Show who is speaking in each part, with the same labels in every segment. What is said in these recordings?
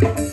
Speaker 1: thank you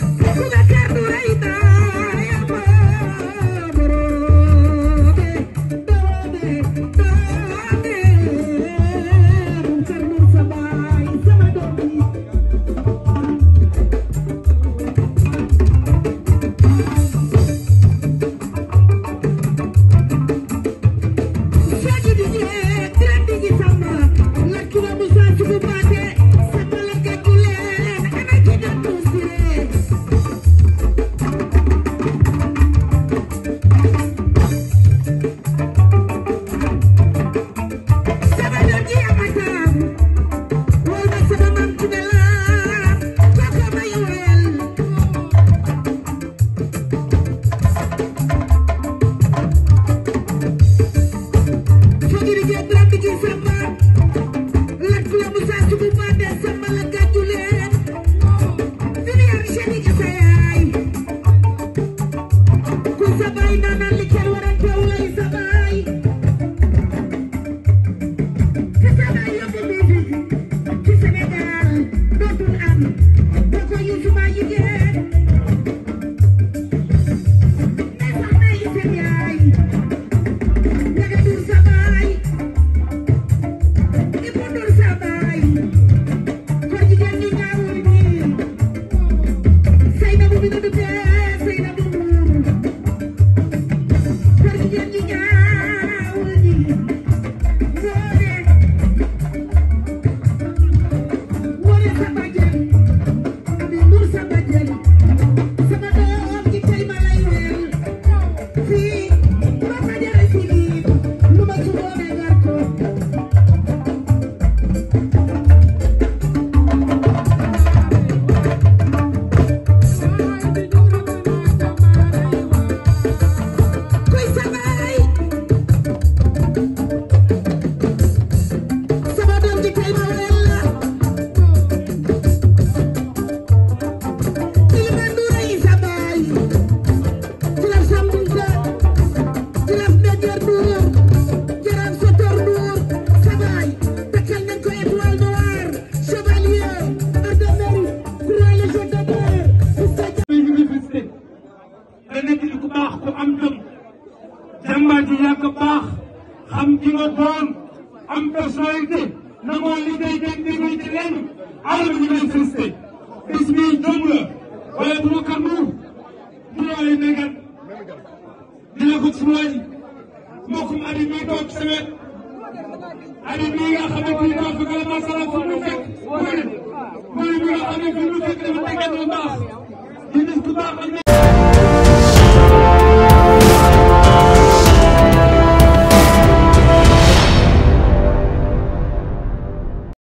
Speaker 1: now. Aliou Mbaye Gane di la ko ci waa ji mbokkum Aliou Mbaye toog sa wet Aliou Mbaye nga xamante ni toog bi gën a masala fu mu fekk mooy mooy bi nga xam ne fu mu fekk dafa tegal lu baax di def lu baax